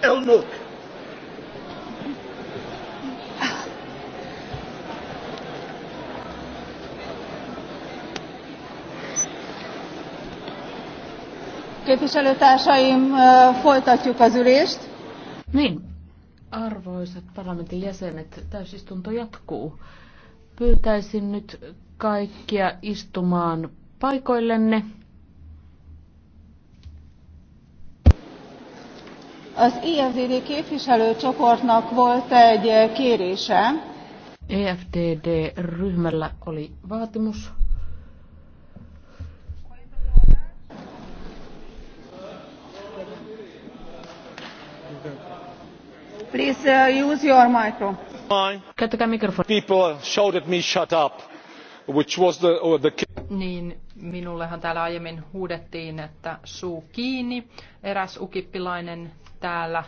Elnök. Képviselőtársaim, folytatjuk az ülést. Niin, arvoisat parlamentin jäsenet, täysistunto jatkuu. Pyytäisin nyt kaikkia istumaan paikoillenne. Az e képviselőcsoportnak volt egy kérése. EFDD-ryhmällä oli vaatimus. Please uh, use your micro. Käyttäkää mikrofoni. People shouted me shut up, which was the, or the niin minullehan täällä aiemmin huudettiin, että suu kiinni. Eräs ukippilainen täällä